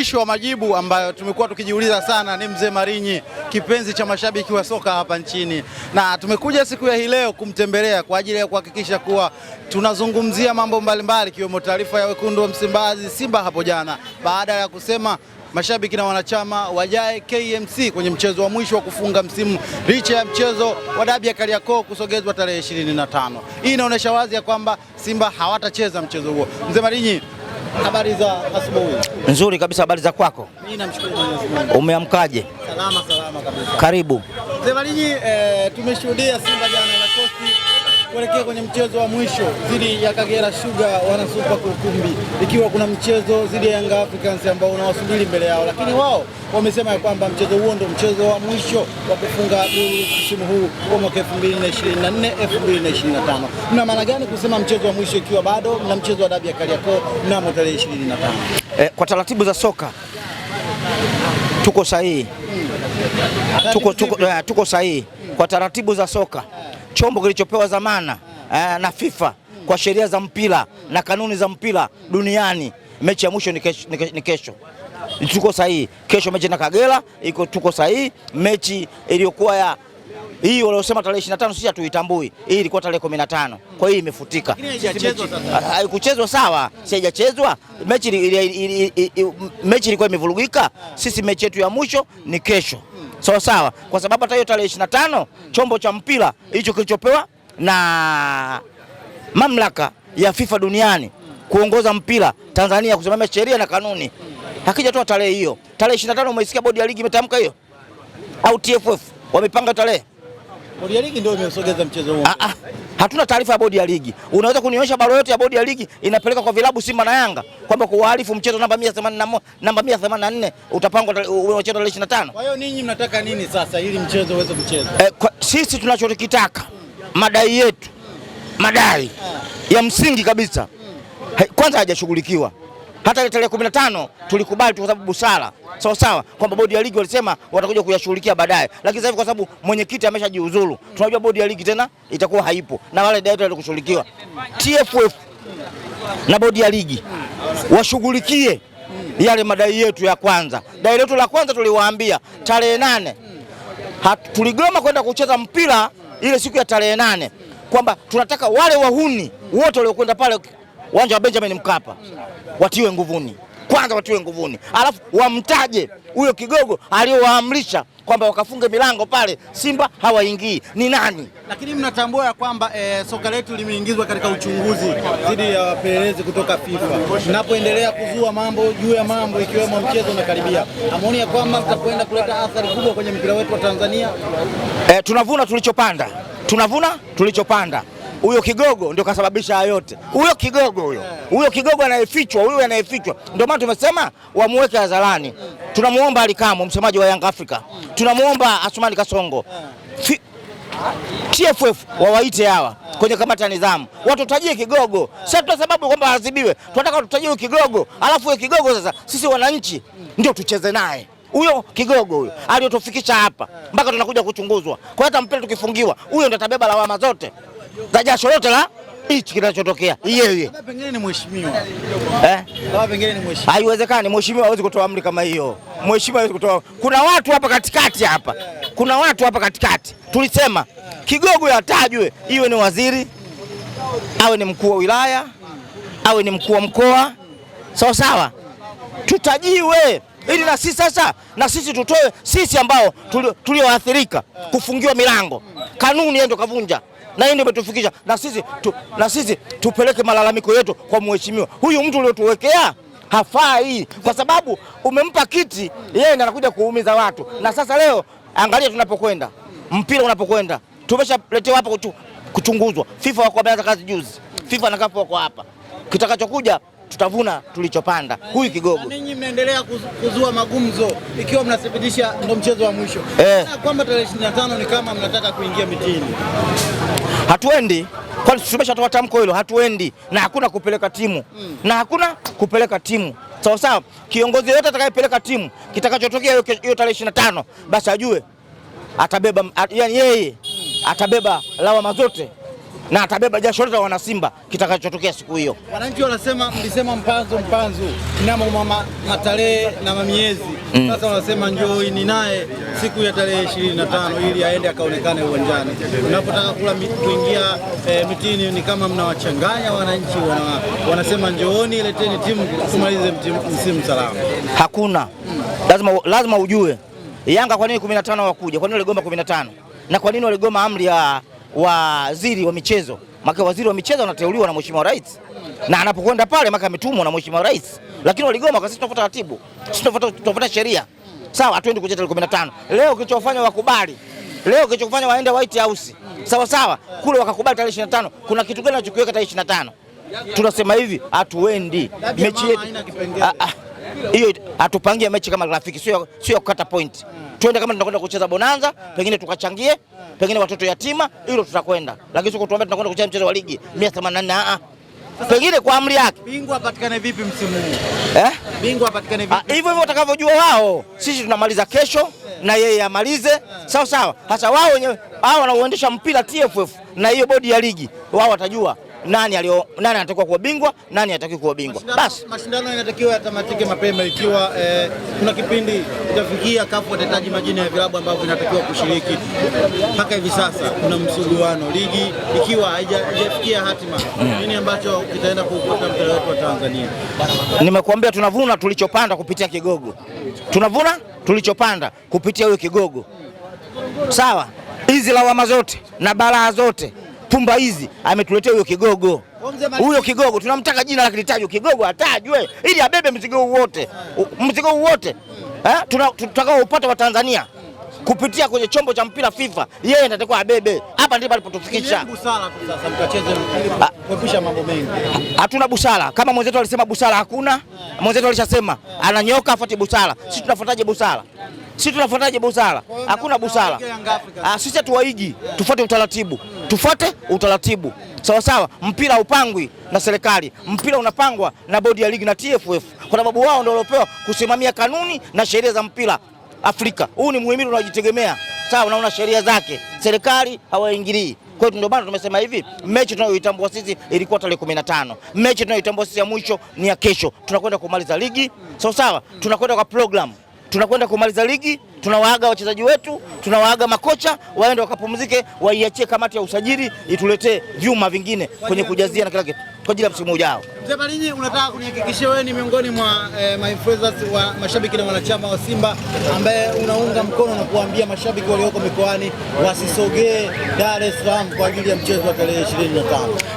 Mwisho wa majibu ambayo tumekuwa tukijiuliza sana ni mzee Marinyi, kipenzi cha mashabiki wa soka hapa nchini, na tumekuja siku ya hii leo kumtembelea kwa ajili ya kuhakikisha kuwa tunazungumzia mambo mbalimbali, ikiwemo taarifa ya wekundu wa Msimbazi Simba hapo jana baada ya kusema mashabiki na wanachama wajae KMC kwenye mchezo wa mwisho wa kufunga msimu licha ya mchezo wa dabi ya Kariakoo kusogezwa tarehe 25. Hii inaonyesha wazi ya kwamba Simba hawatacheza mchezo huo. Mzee Marinyi Habari za asubuhi. Nzuri kabisa. Habari za kwako? Mimi namshukuru Mwenyezi Mungu. Umeamkaje? Salama salama kabisa. Karibu. Zevalini, eh, tumeshuhudia Simba jana na Coast kuelekea kwenye mchezo wa mwisho dhidi ya Kagera Sugar wana Super Kukumbi, ikiwa kuna mchezo dhidi ya Young Africans ambao unawasubiri mbele yao, lakini wao wamesema ya kwamba mchezo huo ndio mchezo wa mwisho wa kufunga duru msimu huu wa mwaka 2024 2025. Mna maana gani kusema mchezo wa mwisho ikiwa bado mna mchezo wa dabi ya Kariakoo mnamo tarehe 25? Eh, kwa taratibu za soka tuko sahihi, tuko, tuko, eh, tuko sahihi kwa taratibu za soka chombo kilichopewa eh, na FIFA kwa sheria za mpira na kanuni za mpira duniani. Mechi ya mwisho ni kesho, Tuko sahihi. Kesho mechi na Kagera iko, tuko sahihi. Mechi iliyokuwa ya hii waliosema tarehe 25 sisi hatuitambui. Hii ilikuwa tarehe 15. Kwa hiyo imefutika. Haikuchezwa sawa, si haijachezwa. Mechi ilikuwa imevurugika. Sisi mechi yetu ya mwisho ni kesho sawa sawa, kwa sababu hata hiyo tarehe ishirini na tano chombo cha mpira hicho kilichopewa na mamlaka ya FIFA duniani kuongoza mpira Tanzania kusimamia sheria na kanuni hakijatoa tarehe hiyo. Tarehe ishirini na tano umeisikia bodi ya ligi imetamka hiyo au TFF wamepanga tarehe? Bodi ya ligi ndio imesogeza mchezo huo. Ah, ah hatuna taarifa ya bodi ya ligi. Unaweza kunionyesha barua yote ya bodi ya ligi inapeleka kwa vilabu Simba na Yanga kwamba kuwaarifu mchezo namba 181 namba 184 utapangwa unachezwa tarehe 25. Kwa hiyo ninyi mnataka nini sasa ili mchezo uweze kuchezwa? Eh, sisi tunachokitaka madai yetu madai ah. ya msingi kabisa hmm. kwanza hajashughulikiwa hata ile tarehe 15 tulikubali tu kwa sababu busara, sawa sawa, kwamba bodi ya ligi walisema watakuja kuyashughulikia baadaye, lakini sasa hivi kwa sababu mwenyekiti ameshajiuzuru, tunajua bodi ya ligi tena itakuwa haipo na wale data wale kushughulikiwa. TFF na bodi ya ligi washughulikie yale madai yetu ya kwanza. Dai letu la kwanza tuliwaambia tarehe nane tuligoma kwenda kucheza mpira ile siku ya tarehe nane kwamba tunataka wale wahuni wote waliokwenda pale uwanja wa Benjamin Mkapa, watiwe nguvuni kwanza, watiwe nguvuni, alafu wamtaje huyo kigogo aliyowaamrisha kwamba wakafunge milango pale, Simba hawaingii ni nani? Lakini mnatambua ya kwamba e, soka letu limeingizwa katika uchunguzi dhidi ya wapelelezi kutoka FIFA. Mnapoendelea kuzua mambo juu ya mambo, ikiwemo mchezo unakaribia, amoni ya kwamba mtakwenda kuleta athari kubwa kwenye mpira wetu wa Tanzania. E, tunavuna tulichopanda, tunavuna tulichopanda huyo kigogo ndio kasababisha haya yote, huyo kigogo huyo huyo kigogo anayefichwa huyo anayefichwa. Ndio maana tumesema wamuweke hadharani. Tunamuomba Alikamwe, msemaji wa Young Africa, tunamuomba Asumani Kasongo Fi TFF wawaite hawa kwenye kamati ya nidhamu watutajie kigogo. Sasa tuna sababu kwamba aadhibiwe, tunataka tutajie kigogo, alafu huyo kigogo sasa sisi wananchi ndio tucheze naye huyo kigogo huyo aliyotufikisha hapa mpaka tunakuja kuchunguzwa kwa hata mpira tukifungiwa, huyo ndio atabeba lawama zote za jasho lote la hichi kinachotokea yeye. Pengine ni mheshimiwa eh, pengine ni mheshimiwa. Haiwezekani, mheshimiwa hawezi kutoa amri kama hiyo. Mheshimiwa hawezi kutoa. Kuna watu hapa katikati hapa, kuna watu hapa katikati tulisema kigogo yatajwe, iwe ni waziri, awe ni mkuu wa wilaya, awe ni mkuu wa mkoa, sawa sawa, tutajiwe ili na sisi sasa na sisi tutoe sisi ambao tulioathirika kufungiwa milango, kanuni ndio kavunja na hii ndio imetufikisha na sisi tu, na sisi tupeleke malalamiko yetu kwa mheshimiwa huyu mtu uliotuwekea hafai, kwa sababu umempa kiti yeye ndiye anakuja kuumiza watu. Na sasa leo angalia tunapokwenda, mpira unapokwenda, tumeshaletewa hapa kuchunguzwa. FIFA wako wameanza kazi juzi, FIFA na CAF wako hapa, kitakachokuja tutavuna tulichopanda. Huyu kigogo. Na ninyi mnaendelea kuzua magumzo ikiwa mnathibitisha ndo mchezo wa mwisho eh, kwamba tarehe 25 ni kama mnataka kuingia mitini. Hatuendi, kwani tumeshatoa tamko hilo, hatuendi na hakuna kupeleka timu mm, na hakuna kupeleka timu sawa sawa. Kiongozi yote atakayepeleka timu, kitakachotokea hiyo tarehe 25 basi ajue atabeba, yani yeye hmm. atabeba lawama zote na atabeba jasho lote la wanasimba kitakachotokea siku hiyo. Wananchi wanasema mlisema mpanzu mpanzu, mnamo mama matarehe na mamiezi mm. Sasa wanasema ni naye siku ya tarehe ishirini na tano ili aende akaonekane uwanjani. Unapotaka kula kuingia e, mitini ni kama mnawachanganya wananchi wana, wanasema njooni, leteni timu tumalize msimu salama. Hakuna mm. lazima, lazima ujue mm. Yanga kwa nini 15 wakuja? Kwa nini waligoma 15 na kwa nini waligoma amri ya waziri wa michezo maka waziri wa michezo anateuliwa na mheshimiwa rais, na anapokwenda pale maka ametumwa na mheshimiwa rais, lakini waligoma kwa sisi tunafuata taratibu, sisi tunafuata sheria sawa, hatuendi kucheza tarehe 15. Leo kilichofanya wakubali, leo kilichofanya waende White House sawa sawa, kule wakakubali tarehe 25. Kuna kitu gani anachokiweka tarehe 25? Tunasema hivi, hatuendi mechi yetu ah, ah. hiyo, hatupangie mechi kama rafiki, sio sio kukata point. Twende kama tunakwenda kucheza bonanza, eh. pengine tukachangie pengine watoto yatima, hilo tutakwenda, lakini sio kutuambia tunakwenda kucheza mchezo wa ligi 184 a a pengine kwa amri yake. Bingwa apatikane vipi msimu huu eh? Bingwa apatikane ah, vipi? Hivyo hivyo watakavyojua wao, sisi tunamaliza kesho na yeye amalize sawa sawa. Hasa wao wenyewe hao wanaoendesha mpira TFF na hiyo bodi ya ligi, wao watajua nani alio nani anatakiwa kuwa bingwa, nani anatakiwa kuwa bingwa. Basi mashindano yanatakiwa yatamatike mapema, ikiwa eh, kuna eh, kipindi itafikia kafu atahitaji majina ya vilabu ambavyo vinatakiwa kushiriki. Mpaka hivi sasa kuna msuguano, ligi ikiwa haijafikia hatima, mm. nini ambacho kitaenda kuukuta mpira wetu wa Tanzania? Nimekuambia tunavuna tulichopanda kupitia kigogo, tunavuna tulichopanda kupitia huyo kigogo. Sawa, hizi lawama zote na balaa zote pumba hizi ametuletea huyo kigogo. Huyo kigogo tunamtaka jina la kilitajwa, kigogo atajwe ili abebe mzigo wote, mzigo wote upata wa Tanzania kupitia kwenye chombo cha mpira FIFA, yeye ndatakuwa abebe. Hapa ndipo alipotufikisha. Hatuna busara kama mwenzetu alisema, busara hakuna. Mwenzetu alishasema ananyoka, afuate busara. Sisi tunafuataje busara? Sisi tunafuataje busara? Hakuna busara. Ah, sisi hatuwaigi, tufuate utaratibu, tufuate utaratibu sawa sawa. Mpira haupangwi na serikali, mpira unapangwa na bodi ya ligi na TFF, kwa sababu wao ndio waliopewa kusimamia kanuni na sheria za mpira Afrika. Huu ni muhimili unajitegemea sawa, unaona sheria zake, serikali hawaingilii. Kwa hiyo ndio maana tumesema hivi, mechi tunayoitambua sisi ilikuwa tarehe 15. Mechi tunayoitambua sisi ya mwisho ni ya kesho, tunakwenda kumaliza ligi sawa sawa, tunakwenda kwa programu tunakwenda kumaliza ligi, tunawaaga wachezaji wetu, tunawaaga makocha waende wakapumzike, waiachie kamati ya usajili ituletee vyuma vingine kwenye kujazia na kila kitu kwa ajili ya msimu ujao. Mzee Malinyi, unataka kunihakikishia wewe ni miongoni mwa eh, mainfluencers wa mashabiki na wanachama wa Simba ambaye unaunga mkono na kuambia mashabiki walioko mikoani wasisogee Dar es Salaam kwa ajili ya mchezo wa tarehe 25.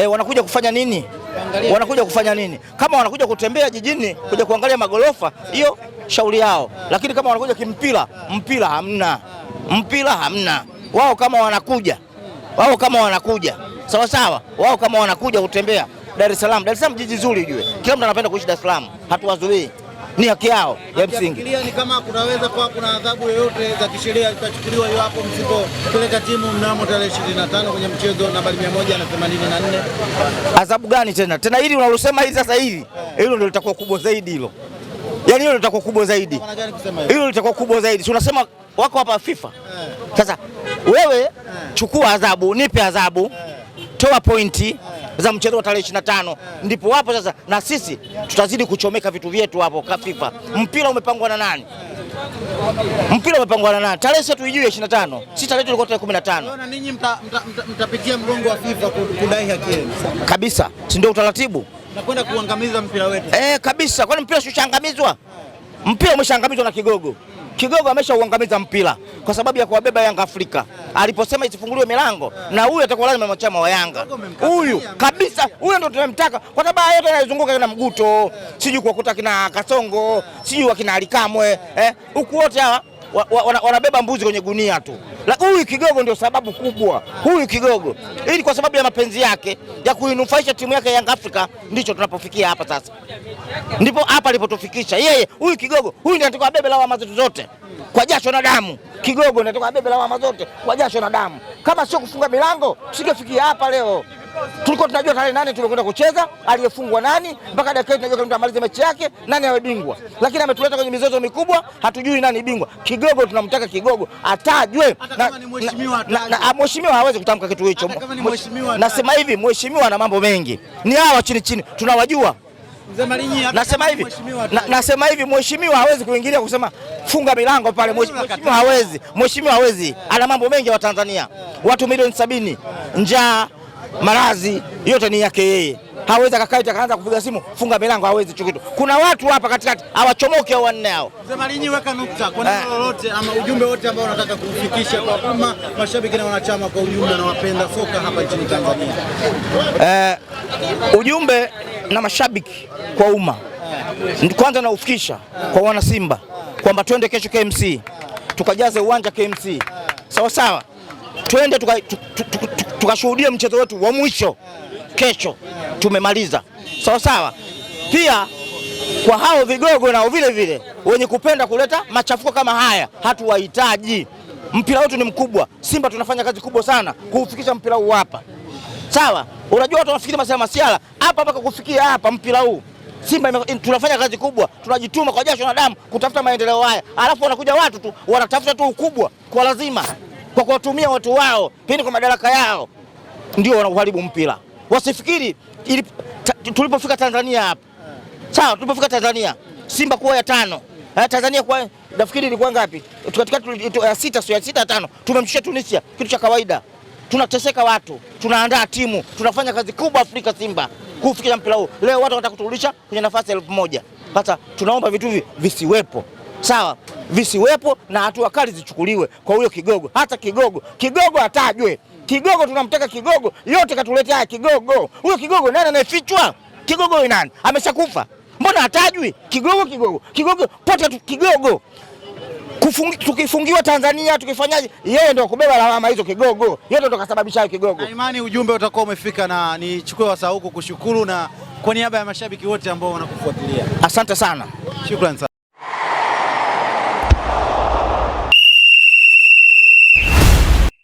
Eh, wanakuja kufanya nini? Angalia. Wanakuja kufanya nini? Kama wanakuja kutembea jijini yeah, kuja kuangalia magorofa hiyo yeah, shauri yao yeah. Lakini kama wanakuja kimpira yeah, mpira hamna yeah, mpira hamna wao, kama wanakuja wao, kama wanakuja sawa sawa, wao kama wanakuja kutembea Dar es Salaam. Dar es Salaam jiji zuri ujue, kila mtu anapenda kuishi Dar es Salaam, hatuwazuii ni haki yao ya msingi. Ni kama kunaweza kuwa kuna adhabu yoyote za kisheria zitachukuliwa iwapo msipopeleka timu mnamo tarehe 25 kwenye mchezo nambari 184. Adhabu gani tena tena, hili unalosema hili sasa, hili hilo ndio litakuwa kubwa zaidi hilo, yaani hilo litakuwa kubwa zaidi, hilo litakuwa kubwa zaidi. Si unasema wako hapa FIFA eh. sasa, wewe eh. chukua adhabu, nipe adhabu, eh. toa pointi za mchezo wa tarehe 25, eh. ndipo hapo sasa na sisi tutazidi kuchomeka vitu vyetu hapo FIFA. Mpira umepangwa na nani? Mpira umepangwa na nani? Tarehe yetu ijue 25, si tarehe tulikuwa tarehe 15. Na ninyi mtapigia mgongo wa FIFA kudai haki yenu kabisa, si ndio utaratibu? Na kwenda kuangamiza mpira wetu eh, kabisa. Kwani mpira usichangamizwa? Eh. Mpira umeshangamizwa na kigogo kigogo ameshauangamiza mpira kwa sababu ya kuwabeba Yanga Afrika. Aliposema isifunguliwe milango, na huyu atakuwa lazima mwanachama wa Yanga, huyu kabisa, huyo ndo tunamtaka kwa sababu yote anayezunguka kina Mguto, sijui kuwakuta kina Kasongo, sijui wakina Alikamwe, eh, huku wote hawa wa, wa, wanabeba mbuzi kwenye gunia tu. Huyu kigogo ndio sababu kubwa, huyu kigogo. Hii ni kwa sababu ya mapenzi yake ya kuinufaisha timu yake Young Africa, ndicho tunapofikia hapa sasa, ndipo hapa alipotufikisha yeye. Huyu kigogo huyu ndio anatakiwa abebe lawama zetu zote kwa jasho na damu. Kigogo ndio anatakiwa abebe lawama zote kwa jasho na damu. Kama sio kufunga milango, tusingefikia hapa leo tulikuwa tunajua tarehe nane tunakwenda kucheza, aliyefungwa nani, mpaka dakika hii tunajua amalize mechi yake nani awe bingwa, lakini ametuleta kwenye mizozo mikubwa, hatujui nani bingwa. Kigogo tunamtaka Kigogo atajwe, mheshimiwa hawezi kutamka kitu hicho. Nasema hivi, mheshimiwa ana mambo mengi, ni hawa chini chini tunawajua Nasema hivi nasema hivi, mheshimiwa hawezi kuingilia kusema funga milango pale, mheshimiwa hawezi, mheshimiwa hawezi, ana mambo mengi. Watanzania watu milioni sabini, njaa maradhi yote ni yake yeye. Hawezi akakaa akaanza kupiga simu funga milango, hawezi hicho Kuna watu hapa katikati hawachomoki au wanne hao. Mzee Malinyi, weka nukta kwa neno eh. lolote ama ujumbe wote ambao unataka kufikisha kwa umma, mashabiki na wanachama kwa ujumla na wapenda soka hapa nchini Tanzania. Eh, ujumbe na mashabiki kwa umma kwanza naufikisha kwa wana Simba kwamba twende kesho KMC tukajaze uwanja KMC, sawa sawa twende tuka mchezo wetu wa mwisho kesho, tumemaliza sawa sawa. Pia kwa hao vigogo nao vile vile wenye kupenda kuleta machafuko kama haya hatuwahitaji. Mpira wetu ni mkubwa. Simba tunafanya kazi kubwa sana kuufikisha mpira huu hapa, sawa. Unajua watu wanafikiri masema masiala hapa mpaka kufikia hapa. Mpira huu Simba tunafanya kazi kubwa, tunajituma kwa jasho na damu kutafuta maendeleo haya, alafu wanakuja watu tu wanatafuta tu ukubwa kwa lazima kwa kuwatumia watu wao pindi kwa madaraka yao, ndio wanauharibu mpira. Wasifikiri tulipofika Tanzania hapa sawa, tulipofika Tanzania Simba kuwa ya tano eh, Tanzania kwa nafikiri ilikuwa ngapi? Katikati ya sita, sio ya sita, tano. Tumemshia Tunisia, kitu cha kawaida. Tunateseka watu, tunaandaa timu, tunafanya kazi kubwa Afrika Simba kufikia mpira huu. Leo watu wanataka kuturudisha kwenye nafasi elfu moja. Sasa tunaomba vitu hivi visiwepo sawa, visiwepo na hatua kali zichukuliwe kwa huyo kigogo. Hata kigogo kigogo atajwe, kigogo tunamtaka kigogo, yote katuletea kigogo. Huyo kigogo nani anayefichwa? Kigogo nani? Ameshakufa, mbona atajwi Kigogo kigogo kigogo pote tu kigogo Kufungi, tukifungiwa Tanzania tukifanyaje? Yeye ndio kubeba lawama hizo kigogo, yeye ndo kasababisha kigogo. Na imani ujumbe utakuwa umefika, na nichukue wasaa huku kushukuru na kwa niaba ya mashabiki wote ambao wanakufuatilia, asante sana, shukrani sana.